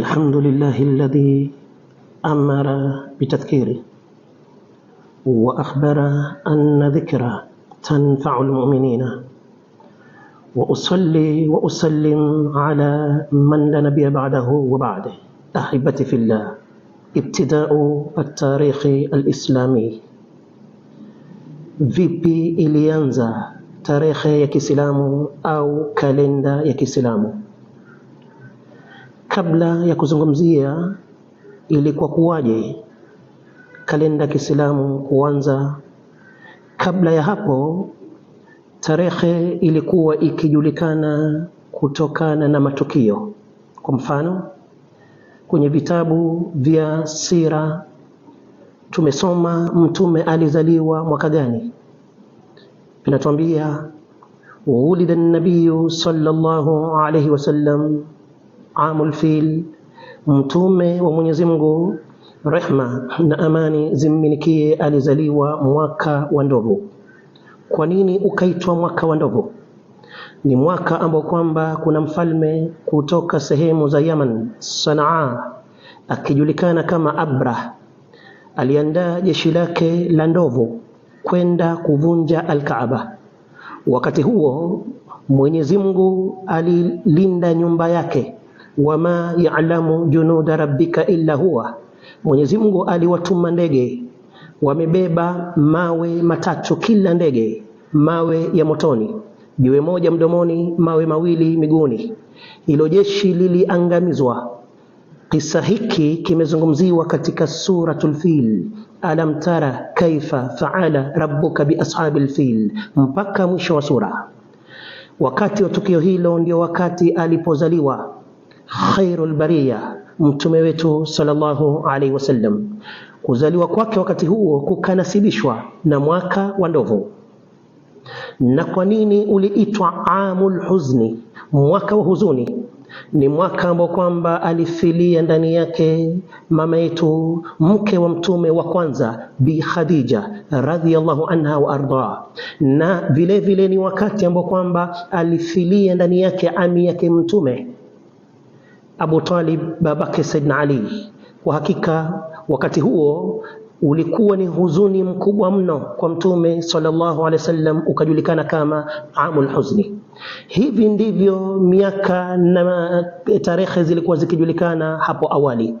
الحمد لله الذي أمر بتذكيره وأخبر أن ذكره تنفع المؤمنين وأصلي وأسلم على من لا نبي بعده وبعده أحبتي في الله ابتداء التاريخ الإسلامي vipi ilianza tarehe ya Kiislamu au kalenda ya Kiislamu Kabla ya kuzungumzia ilikuwa kuwaje kalenda Kiislamu kuanza, kabla ya hapo tarehe ilikuwa ikijulikana kutokana na matukio. Kwa mfano, kwenye vitabu vya sira tumesoma mtume alizaliwa mwaka gani, vinatuambia wulida nabiyu sallallahu alayhi wasallam amul fil, mtume wa Mwenyezi Mungu rehma na amani zimminikie alizaliwa mwaka wa ndovu. Kwa nini ukaitwa mwaka wa ndovu? Ni mwaka ambao kwamba kuna mfalme kutoka sehemu za Yaman, Sanaa, akijulikana kama Abra, aliandaa jeshi lake la ndovu kwenda kuvunja Alkaaba. Wakati huo Mwenyezi Mungu alilinda nyumba yake wama ya'lamu junuda rabbika illa huwa, Mwenyezi Mungu aliwatuma ndege wamebeba mawe matatu kila ndege, mawe ya motoni, jiwe moja mdomoni, mawe mawili miguuni. Ilo jeshi liliangamizwa. Kisa hiki kimezungumziwa katika Suratul Fil, alam tara kaifa faala rabbuka ashabil fil, mpaka mwisho wa sura. Wakati wa tukio hilo ndio wakati alipozaliwa khairul bariya mtume wetu sallallahu alaihi wasallam. Kuzaliwa kwake wakati huo kukanasibishwa na mwaka wa ndovu. Na kwa nini uliitwa amul huzni, mwaka wa huzuni? Ni mwaka ambao kwamba alifilia ndani yake mama yetu mke wa mtume wa kwanza Bi Khadija radhiyallahu anha wa arda, na vilevile ni wakati ambao kwamba alifilia ndani yake ami yake mtume Abu Talib, babake Saidna Ali. Kwa hakika wakati huo ulikuwa ni huzuni mkubwa mno kwa Mtume sallallahu alaihi wasallam, ukajulikana kama amul huzni. Hivi ndivyo miaka na tarehe zilikuwa zikijulikana hapo awali,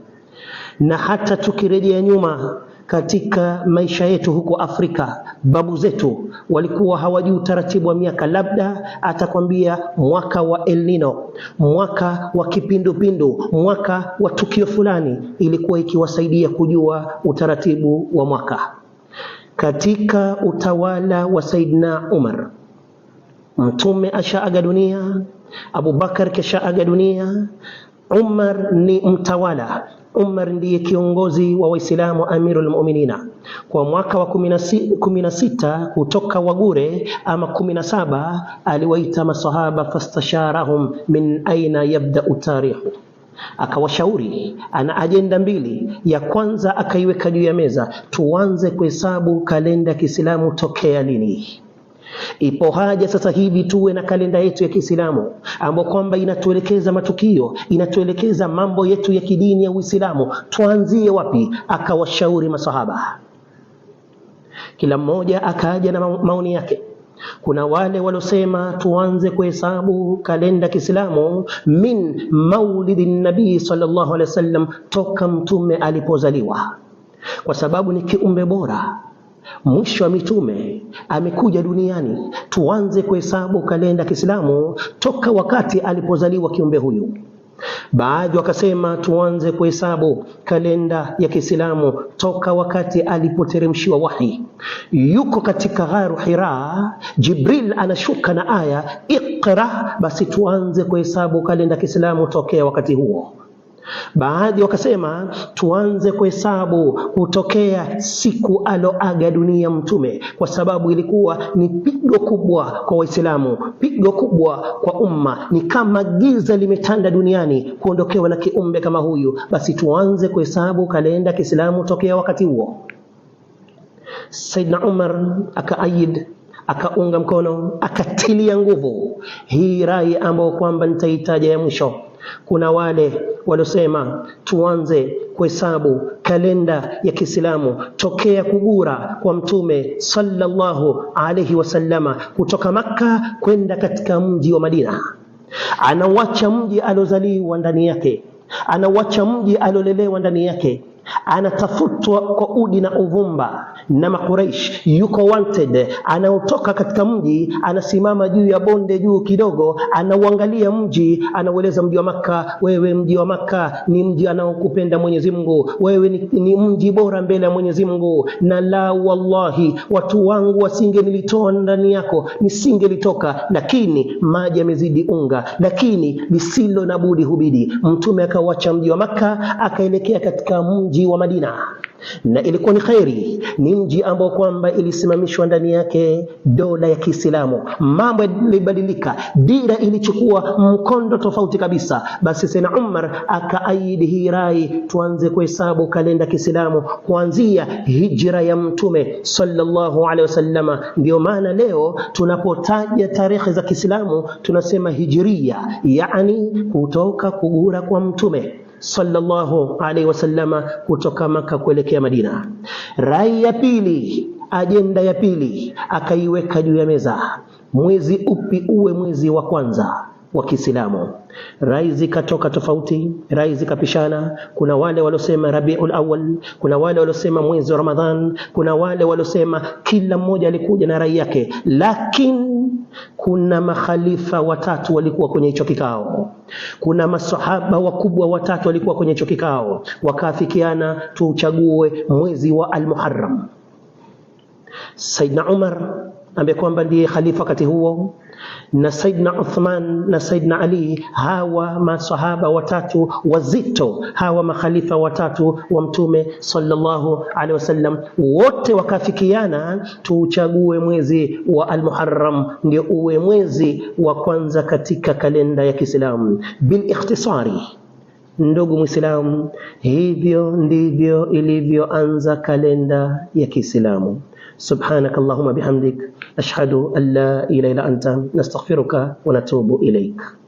na hata tukirejea nyuma katika maisha yetu huko Afrika, babu zetu walikuwa hawajui utaratibu wa miaka. Labda atakwambia mwaka wa El Nino, mwaka wa kipindupindu, mwaka wa tukio fulani, ilikuwa ikiwasaidia kujua utaratibu wa mwaka. Katika utawala wa Saidina Umar, Mtume ashaaga dunia, Abubakar keshaaga dunia. Umar ni mtawala Umar ndiye kiongozi wa Waislamu, amirul muminina kwa mwaka wa kumi na sita kutoka Wagure ama kumi na saba aliwaita masahaba fastasharahum min aina yabdau tarihu akawashauri ana ajenda mbili. Ya kwanza akaiweka juu ya meza, tuanze kuhesabu kalenda ya Kiislamu tokea lini? Ipo haja sasa hivi tuwe na kalenda yetu ya Kiislamu ambayo kwamba inatuelekeza matukio, inatuelekeza mambo yetu ya kidini ya Uislamu. Tuanzie wapi? Akawashauri masahaba, kila mmoja akaja na maoni yake. Kuna wale waliosema tuanze kuhesabu kalenda Kiislamu min maulidi nabii sallallahu alaihi wasallam, toka mtume alipozaliwa, kwa sababu ni kiumbe bora mwisho wa mitume amekuja duniani. Tuanze kuhesabu kalenda Kiislamu toka wakati alipozaliwa kiumbe huyu. Baadhi wakasema tuanze kuhesabu kalenda ya Kiislamu toka wakati alipoteremshiwa wahi. Yuko katika gharu Hira, Jibril anashuka na aya iqra, basi tuanze kuhesabu kalenda ya Kiislamu tokea wakati huo. Baadhi wakasema tuanze kuhesabu kutokea siku aloaga dunia Mtume, kwa sababu ilikuwa ni pigo kubwa kwa Waislamu, pigo kubwa kwa umma. Ni kama giza limetanda duniani kuondokewa na kiumbe kama huyu, basi tuanze kuhesabu kalenda Kiislamu tokea wakati huo. Saidna Umar akaayid akaunga mkono akatilia nguvu hii rai ambayo kwamba nitaitaja ya mwisho kuna wale waliosema tuanze kuhesabu kalenda ya Kiislamu tokea kugura kwa Mtume sallallahu alaihi wasallama kutoka Makka kwenda katika mji wa Madina, anauacha mji aliozaliwa ndani yake, anauacha mji aliolelewa ndani yake anatafutwa kwa udi na uvumba na Makuraish, yuko wanted. Anaotoka katika mji anasimama juu ya bonde juu kidogo, anauangalia mji, anaueleza mji wa Maka, wewe mji wa Maka ni mji anaokupenda Mwenyezi Mungu, wewe ni, ni mji bora mbele ya Mwenyezi Mungu, na la wallahi, watu wangu wasinge nilitoa ndani yako nisinge litoka lakini maji yamezidi unga, lakini lisilo na budi hubidi. Mtume akawacha mji wa Maka akaelekea katika mji mji wa Madina na ilikuwa ni khairi, ni mji ambao kwamba ilisimamishwa ndani yake dola ya Kiislamu. Mambo yalibadilika, dira ilichukua mkondo tofauti kabisa. Basi sena Umar akaaidi hii rai, tuanze kuhesabu kalenda Kiislamu kuanzia hijra ya Mtume sallallahu alaihi wasallam. Ndio maana leo tunapotaja tarehe za Kiislamu tunasema hijiria, yani kutoka kugura kwa Mtume sallallahu alaihi wasallama kutoka Maka kuelekea Madina. Rai ya pili, ajenda ya pili akaiweka juu ya meza, mwezi upi uwe mwezi wa kwanza wa Kiislamu. Rai zikatoka tofauti, rai zikapishana. Kuna wale waliosema Rabiul Awwal, kuna wale waliosema mwezi wa Ramadhan, kuna wale waliosema, kila mmoja alikuja na rai yake, lakini kuna makhalifa watatu walikuwa kwenye hicho kikao, kuna masahaba wakubwa watatu walikuwa kwenye hicho kikao, wakaafikiana tuuchague mwezi wa Almuharram. Saidna Umar ambaye kwamba ndiye khalifa wakati huo, na Saidna Uthman na Saidna Ali, hawa masahaba watatu wazito, hawa makhalifa watatu wa Mtume sallallahu alaihi wasallam, wote wakafikiana tuuchague mwezi wa Almuharram ndio uwe mwezi wa kwanza katika kalenda ya Kiislamu bil ikhtisari Ndugu Mwislamu, hivyo ndivyo ilivyoanza kalenda ya Kiislamu. سبحانك اللهم بحمدك أشهد أن لا إله إلا أنت نستغفرك ونتوب إليك